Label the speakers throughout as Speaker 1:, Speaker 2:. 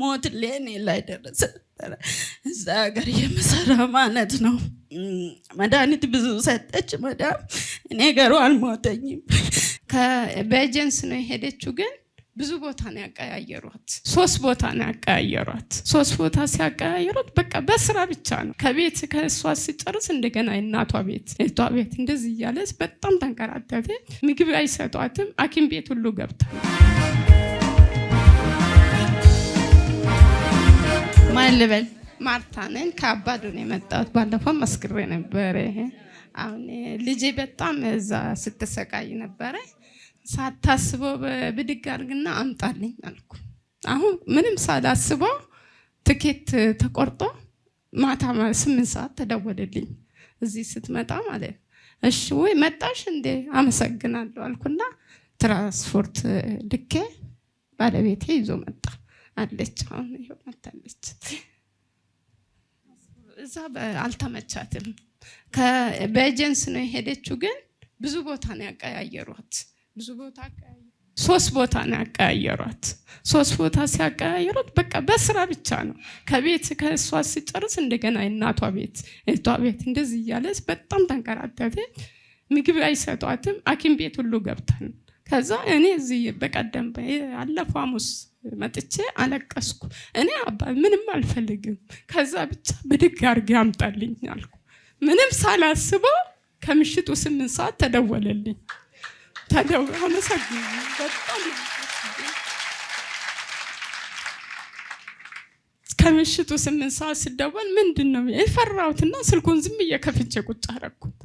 Speaker 1: ሞት ለእኔ ላይ ደረሰ። እዛ ሀገር የምሰራ ማለት ነው። መድኃኒት ብዙ ሰጠች። መዳ እኔ ገሩ አልሞተኝም። በኤጀንስ ነው የሄደችው ግን ብዙ ቦታ ነው ያቀያየሯት። ሶስት ቦታ ነው ያቀያየሯት። ሶስት ቦታ ሲያቀያየሯት በቃ በስራ ብቻ ነው። ከቤት ከእሷ ሲጨርስ እንደገና እናቷ ቤት፣ እህቷ ቤት እንደዚህ እያለች በጣም ተንከራተተች። ምግብ አይሰጧትም። ሐኪም ቤት ሁሉ ገብታል።
Speaker 2: ማን ልበል? ማርታ ነኝ። ከአባዶ ነው የመጣሁት። ባለፈው መስክሬ ነበረ። አሁን ልጄ በጣም እዛ ስትሰቃይ ነበረ። ሳታስበው ብድግ አድርግና አምጣልኝ አልኩ። አሁን ምንም ሳላስበው ትኬት ተቆርጦ ማታ ስምንት ሰዓት ተደወለልኝ እዚህ ስትመጣ ማለት እሺ ወይ መጣሽ እንዴ አመሰግናለሁ አልኩና ትራንስፖርት ልኬ ባለቤቴ ይዞ መጣ። አለች። አሁን ይሆናታለች። እዛ አልተመቻትም። በኤጀንስ ነው የሄደችው። ግን ብዙ ቦታ ነው ያቀያየሯት። ብዙ ቦታ ሶስት ቦታ ነው ያቀያየሯት። ሶስት ቦታ ሲያቀያየሯት በቃ በስራ ብቻ ነው ከቤት ከእሷ ሲጨርስ እንደገና እናቷ ቤት እህቷ ቤት እንደዚህ እያለ በጣም ተንከራተተ። ምግብ አይሰጧትም። ሐኪም ቤት ሁሉ ገብተን ከዛ እኔ እዚህ በቀደም አለፈው ሐሙስ መጥቼ አለቀስኩ። እኔ አባ ምንም አልፈልግም፣ ከዛ ብቻ ብድግ አድርጌ አምጣልኝ አልኩ። ምንም ሳላስበው ከምሽቱ ስምንት ሰዓት ተደወለልኝ። ተደወ አመሰግ በጣም ከምሽቱ ስምንት ሰዓት ስደወል ምንድን ነው የፈራሁትና ስልኩን ዝም እየከፍቼ ቁጭ አደረኩት።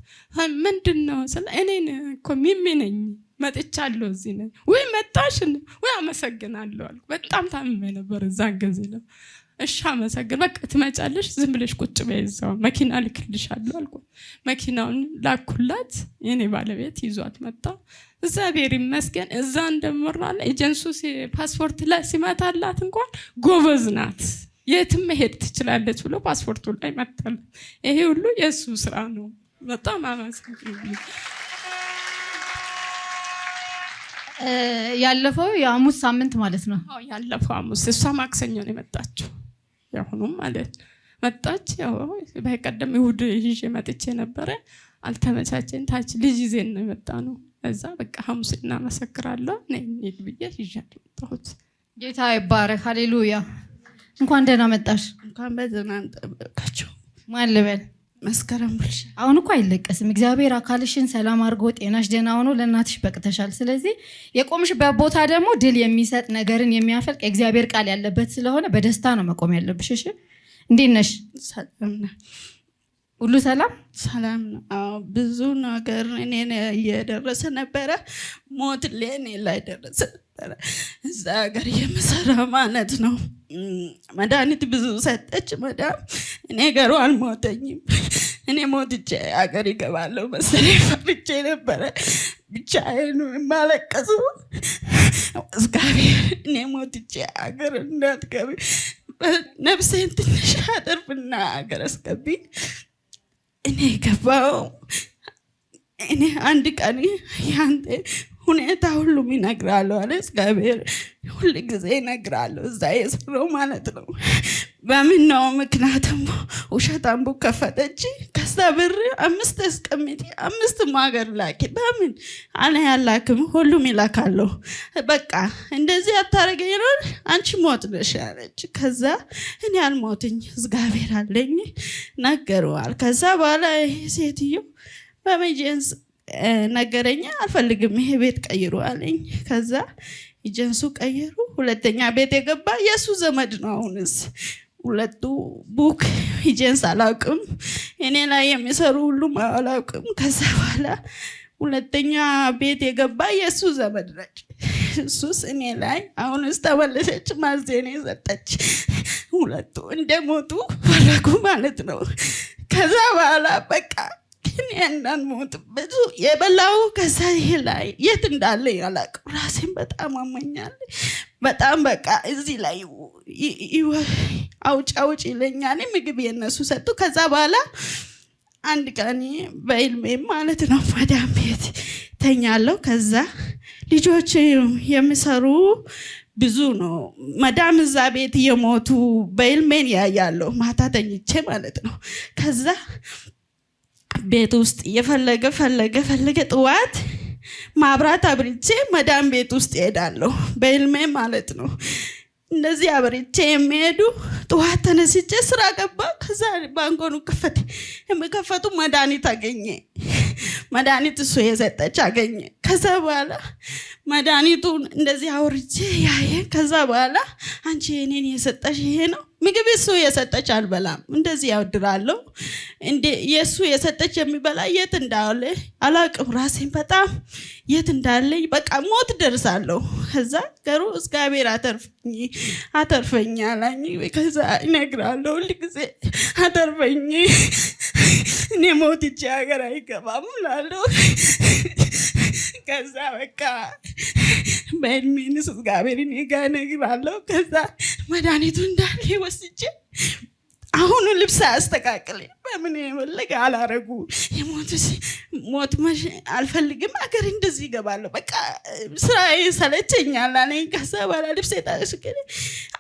Speaker 2: ምንድን ነው ስለ እኔን እኮ ሚሚ ነኝ መጥቻለሁ፣ እዚህ ነኝ። ወይ መጣሽ፣ ወይ አመሰግናለሁ አልኩ። በጣም ታምሜ ነበር እዛ ጊዜ ነው። እሺ አመሰግን፣ በቃ ትመጫለሽ፣ ዝም ብለሽ ቁጭ በይዘው እዛው መኪና ልክልሻለሁ አልኩ። መኪናውን ላኩላት፣ የኔ ባለቤት ይዟት መጣ። እግዚአብሔር ይመስገን እዛ እንደምራለ ኤጀንሱ ፓስፖርት ሲመታላት እንኳን ጎበዝ ናት። የትም መሄድ ትችላለች ብሎ ፓስፖርቱ ላይ መጥቷል። ይሄ ሁሉ የእሱ ስራ ነው። በጣም አመሰግናለሁ።
Speaker 3: ያለፈው የሐሙስ ሳምንት ማለት ነው።
Speaker 2: ያለፈው ሐሙስ እሷ ማክሰኞ ነው የመጣችው። ያሁኑም ማለት መጣች። በቀደም እሑድ ይዤ መጥቼ ነበረ፣ አልተመቻቸን። ታች ልጅ ይዜን ነው የመጣ ነው። እዛ በቃ ሐሙስ እናመሰክራለሁ ነ እንሂድ ብዬ ይዣት መጣሁት።
Speaker 3: ጌታ ይባረክ። ሀሌሉያ እንኳን ደህና መጣሽ።
Speaker 2: እንኳን በደህና ጠበቃቸው። ማን ልበል? መስከረም ብልሽ።
Speaker 3: አሁን እኮ አይለቀስም። እግዚአብሔር አካልሽን ሰላም አድርጎ ጤናሽ ደህና ሆኖ ለእናትሽ በቅተሻል። ስለዚህ የቆምሽበት ቦታ ደግሞ ድል የሚሰጥ ነገርን የሚያፈልቅ የእግዚአብሔር ቃል ያለበት ስለሆነ በደስታ ነው መቆም ያለብሽ። እሺ፣ እንዴት ነሽ? ሁሉ ሰላም
Speaker 2: ሰላም ነው። ብዙ ነገር እኔን እየደረሰ ነበረ። ሞት ለእኔ ላይ ደረሰ ነበረ። እዛ ሀገር የምሰራ ማለት ነው መድኃኒት ብዙ ሰጠች። መዳም እኔ ገሩ አልሞተኝም። እኔ ሞትቼ አገር ይገባለሁ መሰለኝ ፈርቼ ነበረ። ብቻዬን የማለቀሱ እግዚአብሔር እኔ ሞትቼ አገር እንዳትገቢ ነፍሴን ትንሽ አጥርፍና አገር አስገቢ። እኔ ገባው እኔ አንድ ቀን ያንተ ሁኔታ ሁሉም ይነግራለሁ አለ እግዚአብሔር። ሁል ጊዜ ይነግራሉ እዛ የሰራው ማለት ነው። በምን ነው ምክንያትም ውሸት አንቡ ከፈተች ከዛ ብር አምስት አስቀምጪ አምስት ማገር ላኪ በምን አለ ያላክም ሁሉም ይላካለሁ። በቃ እንደዚህ አታረገኝ ነው አንቺ ሞት ነሽ አለች። ከዛ እኔ አልሞትኝ እግዚአብሔር አለኝ ነገረዋል። ከዛ በኋላ ይሄ ሴትዮ በመጀንስ ነገረኛ አልፈልግም ይሄ ቤት ቀይሩ አለኝ። ከዛ ጀንሱ ቀይሩ ሁለተኛ ቤት የገባ የእሱ ዘመድ ነው። አሁንስ ሁለቱ ቡክ ጀንስ አላውቅም፣ እኔ ላይ የሚሰሩ ሁሉም አላውቅም። ከዛ በኋላ ሁለተኛ ቤት የገባ የእሱ ዘመድ ነች። እሱስ እኔ ላይ አሁንስ ተመለሰች። ማዜኔ ሰጠች። ሁለቱ እንደሞቱ ፈለጉ ማለት ነው። ከዛ በኋላ በቃ ግን ያንዳንድ ሞት ብዙ የበላው ከዛ ይሄ ላይ የት እንዳለ ያላቀው ራሴን በጣም አመኛል። በጣም በቃ እዚህ ላይ አውጭ አውጭ ይለኛል። ምግብ የነሱ ሰጡ። ከዛ በኋላ አንድ ቀን በህልሜም ማለት ነው መዳም ቤት ተኛለው ከዛ ልጆች የሚሰሩ ብዙ ነው መዳም እዛ ቤት የሞቱ በህልሜን ያያለሁ። ማታ ተኝቼ ማለት ነው ከዛ ቤት ውስጥ እየፈለገ ፈለገ ፈለገ ጥዋት ማብራት አብርቼ መዳም ቤት ውስጥ ይሄዳለሁ። በህልሜ ማለት ነው። እንደዚህ አብርቼ የሚሄዱ ጥዋት ተነስቼ ስራ ገባ። ከዛ ባንኮኑ ከፈት የሚከፈቱ መድኃኒት አገኘ። መድኃኒት እሱ የሰጠች አገኘ። ከዛ በኋላ መድኃኒቱን እንደዚህ አውርቼ ያየ። ከዛ በኋላ አንቺ የኔን የሰጠሽ ይሄ ነው ምግብ እሱ የሰጠች አልበላም፣ እንደዚህ ያወድራለሁ። የእሱ የሰጠች የሚበላ የት እንዳለ አላቅም። ራሴን በጣም የት እንዳለኝ በቃ ሞት ደርሳለሁ። ከዛ ገሩ እግዚአብሔር አተርፈኝ አተርፈኝ አላኝ። ከዛ ይነግራለሁ ሁልጊዜ አተርፈኝ እኔ ሞትቼ ሀገር አይገባም እላለሁ። ከዛ በቃ በእድሜንስ እግዚአብሔር እኔ ጋር እነግራለሁ። ከዛ መድኃኒቱ እንዳለ ወስጄ አሁኑ ልብስ አያስተካክል በምን የመለገ አላረጉ የሞት ሞት አልፈልግም። አገር እንደዚህ ይገባለሁ በቃ ስራ ሰለቸኛል አለ። ከዛ በኋላ ልብስ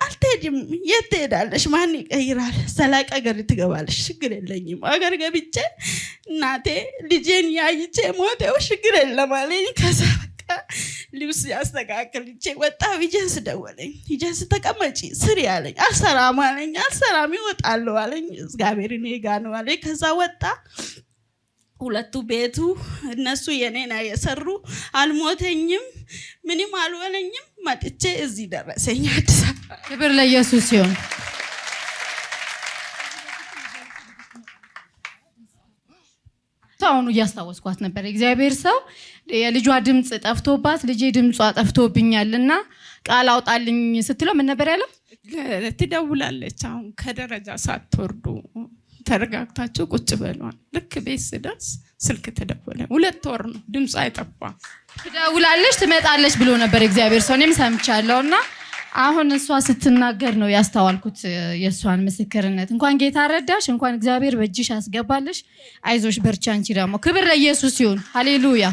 Speaker 2: አልትሄድም። የት ትሄዳለሽ? ማን ይቀይራል? ሰላቅ አገር ትገባለሽ። ችግር የለኝም። አገር ገብቼ እናቴ ልጄን ያይቼ ሞቴው ችግር የለም አለኝ። ከዛ ልብስ ያስተካክልቼ ወጣሁ። ኤጀንስ ደወለኝ። ኤጀንስ ተቀመጪ ስሪ አለኝ። አልሰራም አለኝ። አልሰራም ይወጣለሁ አለኝ። እግዚአብሔር እኔ ጋ ነው አለኝ። ከዛ ወጣ ሁለቱ ቤቱ እነሱ የኔና የሰሩ አልሞተኝም፣ ምንም አልወለኝም። መጥቼ እዚህ ደረሰኝ አዲስ
Speaker 3: ክብር ለኢየሱስ ይሁን። አሁኑ እያስታወስኳት ነበር። እግዚአብሔር ሰው የልጇ ድምፅ ጠፍቶባት ልጄ ድምጿ ጠፍቶብኛል እና ቃል አውጣልኝ ስትለው ምን ነበር ያለው?
Speaker 2: ትደውላለች። አሁን ከደረጃ ሳትወርዱ ተረጋግታችሁ ቁጭ በሏል። ልክ ቤት ስደርስ ስልክ ተደወለ። ሁለት ወር ነው ድምፅ አይጠፋም።
Speaker 3: ትደውላለች፣ ትመጣለች ብሎ ነበር እግዚአብሔር ሰው እኔም ሰምቻለሁ እና አሁን እሷ ስትናገር ነው ያስተዋልኩት የእሷን ምስክርነት። እንኳን ጌታ ረዳሽ፣ እንኳን እግዚአብሔር በእጅሽ አስገባልሽ። አይዞሽ በርቺ። አንቺ ደግሞ ክብር ለኢየሱስ ይሁን። ሃሌሉያ